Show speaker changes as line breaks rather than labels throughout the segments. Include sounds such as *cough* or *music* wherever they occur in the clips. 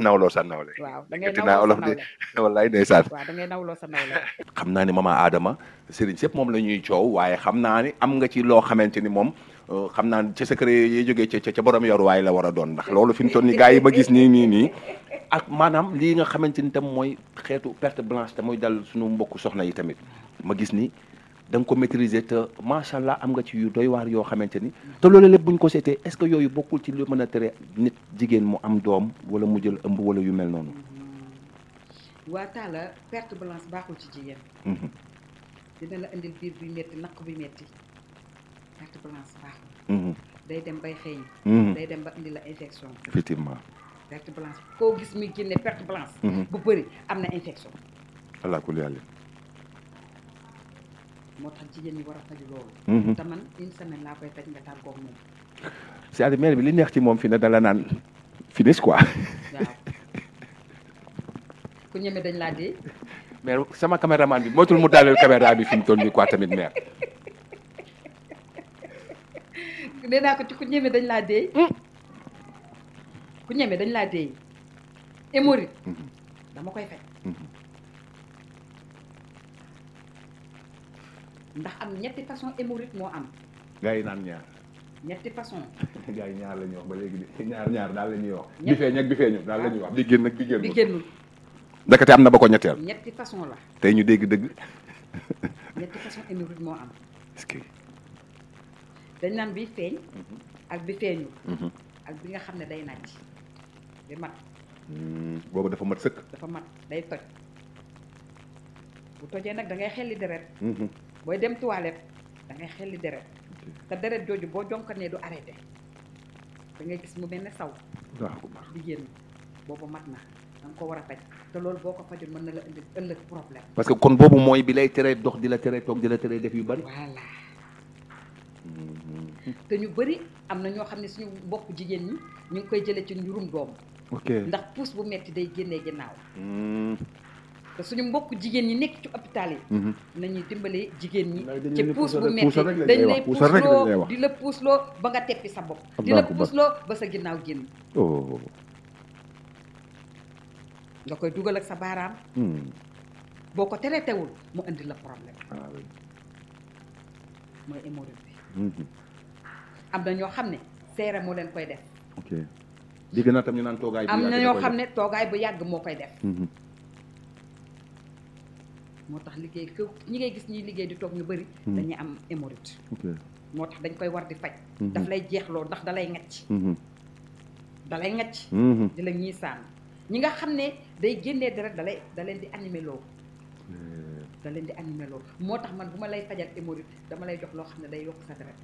nawloo sa nawle
waaw da ngay nawloo sa nawle
wallaay ndeysaan
waaw da sa
xam naa ni mama Adama Serigne sëpp moom la ñuy coow waaye xam naa ni am nga ci loo xamante ni moom euh, xam naa ca sa kër yi jógee ca ca borom yor waaye la war a doon ndax loolo fi mu toll ni gars yi ma gis nii nii nii ak maanaam lii nga xamante ni tam mooy xeetu perte blanche te muy dal suñu mbokku soxna yi tamit ma gis ni da nga ko maîtriser te macha allah am nga ci yu doy waar yoo xamante ni te loolu lépp bu ñu ko seetee est-ce que yooyu bokkul ci lu mën a tere nit jigéen mu am doom wala mu jël ëmb wala yu mel noonu.
waa Talla perte blanche baaxul ci jigéen. Mhm. dina la indil biir buy métti naq buy métti perte blanche baaxul. Mhm. day dem bay xeeñ. Mhm. day dem ba indi la infection. effectivement. perte blanche koo gis muy génne perte blanche. bu bëri am na infection. allah kulli moo tax jigéen ñi war a faj loolu. Mhm. te man une semaine laa koy faj nga tàggoog moom.
c'est-à-dire bi li neex ci moom fi ne dala naan finis quoi.
ku ñeme dañ laa dee.
mais sama caméraman bi moytul mu daaleel caméra bi fi mu toll nii ko ci
ku ñeme dañ laa dee. Mm. ku dañ laa dee. Mhm. dama koy faj. ndax am ñetti façon hémorroïde moo am. gars yi naan ñaar. ñetti façon.
*laughs* gars yi ñaar la ñuy wax ba léegi de ñaar ñaar daal la ñuy wax. bi feeñ ak bi feeñul daal la ñuy wax ah. bi génn ak bi génnul bi génnul. ndekete am na ba ko ñetteel.
ñetti façon la.
tey ñu dégg dëgg.
*laughs* ñetti façon hémorroïde moo am. dañ naan bi feeñ. Mhm. ak bi feeñul. Mhm. ak bi nga xam ne day naaj. bi mat.
Hmm, boobu dafa mat sëkk. dafa mat
day toj. bu tojee nag da ngay xelli deret. Mhm. booy dem toilette da ngay xelli deret te deret jooju boo nee du arrêté da ngay gis mu benn saw di génn boobu mat na da ko war a faj te loolu boo ko fajul mën na la indi ëllëg problème
parce que kon boobu mooy bi lay teree dox di la teree toog di la teree def yu bari voilà mm-hmm.
te ñu bëri am na ñoo xam ne suñu mbokk jigéen ñi ñu ngi koy jëlee ci njurum doom ok ndax puus bu metti day génnee ginnaaw
mm-hmm.
que suñu mbokk jigéen ñi nekk ci hôpital yi mhm. nañuy dimbale jigéen ñi ci puus bu metti dañ lay puusloo di la puusloo ba nga teppi sa bopp di la puusloo ba sa ginnaaw génn oh. nga koy dugal ak sa baaraam hmm. boo ko traitewul mu indi la problème mooy hémorroïde mhm. am na ñoo xam ne seere moo leen koy def
ñu naan am na ñoo xam ne
toogaay bu yàgg moo koy def mhm. moo tax liggéey këw ñi ngay gis ñuy liggéey di toog ñu bëri hmm. dañuy am hémorroïde moo tax dañ koy war di faj hmm. daf lay jeexloo ndax dalay ngacc hmm. dalay ngacc di la ñuy saan ñi nga xam ne day génnee dara dalay da leen di animé loo
eh.
leen di animé moo tax man bu ma lay fajal hémorroïde dama lay jox loo xam ne day yokk sa deret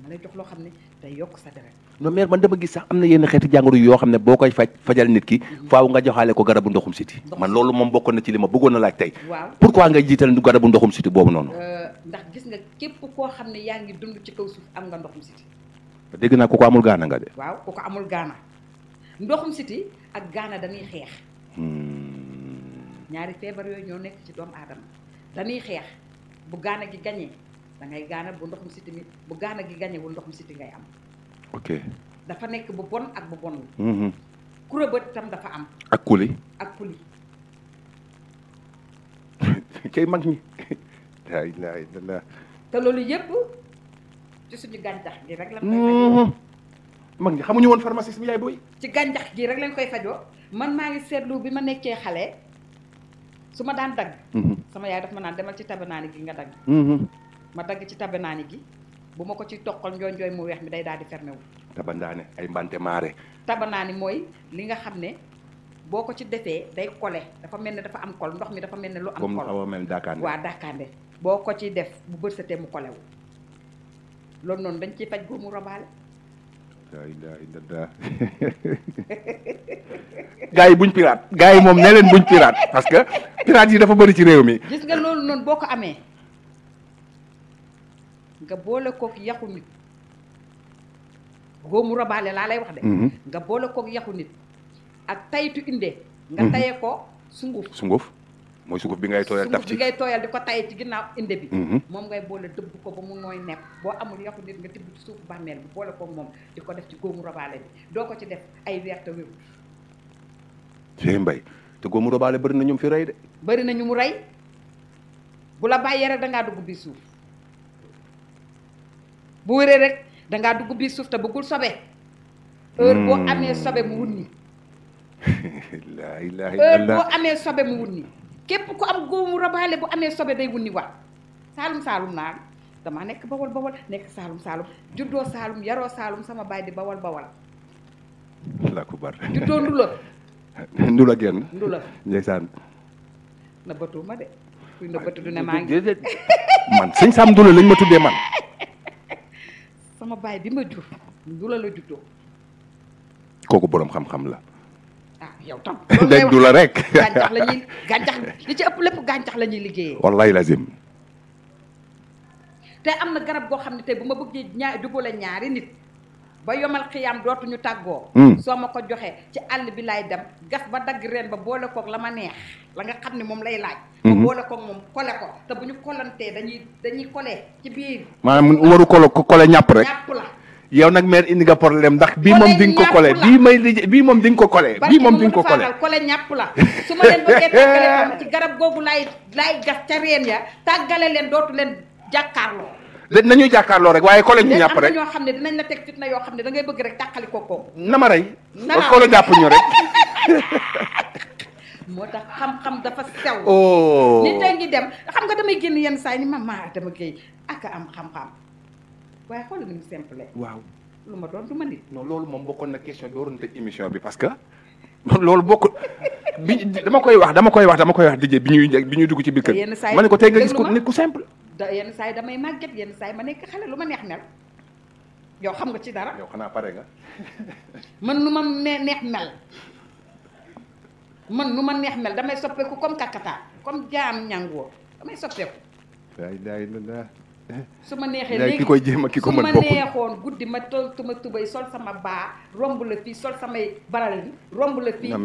dama lay jox loo xam ne day yokk sa deret
non mère man dama gis sax am na yenn xeeti jàngoro yoo xam ne boo koy faj fajal nit ki mhm. faaw nga joxaale ko garabu ndoxum siti man loolu moom bokkoon na ci li ma bëggoon a laaj tey waaw pourquoi nga jiital garabu ndoxum siti boobu
euh, ndax gis nga képp koo xam ne yaa ngi dund ci kaw suuf am nga ndoxum siti
dégg naa ko ko amul gaana nga de
waaw ko ko amul gaana ndoxum siti ak gaana dañuy xeex hmm. ñaari feebar yooyu ñoo nekk ci doomu aadama dañuy xeex bu gaana gi gañee da ngay gaana bu ndoxum siti mi bu gaana gi gañewul ndoxum siti ngay am ok dafa nekk bu bon ak bu bon la mm-hmm. kure bët tam dafa am ak kuli ak kuli
*laughs* kay mag ñi laa *laughs* ilaaha illallaah
te loolu yëpp ci suñu gàncax gi rek la mm-hmm.
mag ñi xamuñu woon pharmaciste bi yaay
ci gàncax gi rek lañ koy fajoo man maa ngi seetlu bi ma nekkee xale su ma daan dagg mm-hmm. sama yaay daf ma naan demal ci tabanaani gi nga dagg ma dagg ci tabanaani gi bu ma ko ci toqal njoonjooy mu weex mi day daal di fermé wu
tabanaani ay mbante maare
tabanaani mooy li nga xam ne boo ko ci defee day kole dafa mel ne dafa am kol ndox mi dafa mel ne lu am kol comme awa
mel waa
daakaande boo ko ci def bu bët satee mu kole loolu noonu dañ ciy faj góomu robaale
*laughs* gaa yi buñ piraat gars yi moom ne leen buñ pirate parce que pirate yi dafa bari ci réew mi
gis nga loolu noonu boo ko amee nga boole koog yaxu nit góomu rabaale laa lay wax de mm-hmm. nga boole kook yaxu nit ak tayitu indee nga mm-hmm. taye ko sunguf
sunguf mooy sunguf bi ngay tooyal taf ci
tooyal di ko taye ci ginnaaw inde bi mm-hmm. moom ngay boole dëbb ko ba mu nooy nepp boo amul yaxu nit nga tibb ci suufu bàmmeel bi boole ko moom di ko def ci góomu robaale bi doo ko ci def ay weer te wéru
Cheikh Mbaye te góomu robaale bëri na ñu fi rey de
bari na ñu mu rey bu la bàyyee rek dangaa dugg bi suuf bu wéree rek dangaa dugg biir suuf te bëggul sobe heure boo hmm. amee sobe mu wut nii képp ku am góomu rabaale bu amee sobe day wut nii waat saalum saalum naa damaa nekk bawal bawal nekk saalum saalum juddoo saalum yaroo saalum sama baay di bawal bawal
la kubar juddoo ndula *laughs* ndula genn ndula ndeysaan
nëbbatuuma de kuy nëbbatu du ne maa ngi
man sëñ Sam Ndula lañ ma tuddee man *laughs*
sama baay bi ma jur du la la juddoo.
kooku boroom xam-xam la.
ah yow tam. *laughs* loolu du la rek. *laughs* gàncax la ñuy gàncax li ci ëpp lépp gàncax la ñuy liggéeyee.
wallaay lazim.
tey am na garab goo xam ne te bu ma bëggee ñaar jubóole ñaari nit. ba yomal xiyaam dootuñu tàggoo hmm. soo ma ko joxee ci àll bi laay dem gas ba dagg reen ba boole koog la ma neex la nga xam ne moom lay laaj ma hmm. boole koog moom kole ko te bu ñu kolantee dañuy dañuy kole ci biir
maanaam waru kolo kole ñàpp rek ñàpp la yow nag mère indi nga problème ndax bii moom di nga ko kole bii may lij bii moom di nga ko kole bii moom di nga ko kole
kole ñàpp la su ma leen bëggee tàggale *laughs* ci garab googu laay laay gas ca reen ya tàggale leen dootu leen jàkkaarloo
dañ nañuy jàkkaarloo rek waaye koo leen ñàpp rek ñoo
xam ne dinañ la teg fitna yoo xam ne da ngay bëgg rek tàqali kookoo
na ma rey koo leen rek *laughs*
moo tax xam-xam dafa sew oh. nit a ngi dem xam nga damay génn yenn saa yi ni ma maa dama géey ak am xam-xam waaye xool ni mu
simple waaw lu ma doon du ma nit non loolu moom bokkoon na question bi waroon tëj bi parce que *laughs* loolu bokk bi dama koy wax dama koy wax dama koy wax dijee bi ñuy dugg ci biir kër ma ne ko tey nga gis ko nit ku simple
da yenn saa damay màgget yenn saay ma nekk xale lu ma neex mel yow xam nga ci dara. yow xanaa pare nga. man nu ma neex mel man nu ma neex mel damay soppeeku comme kakata comme jaam ñàngoo damay soppeeku. la su ma neexee léegi ki koy jéem ak ki ko mën su ma neexoon guddi ma tol sol sama baa romb la fii sol samay baral romb la fii.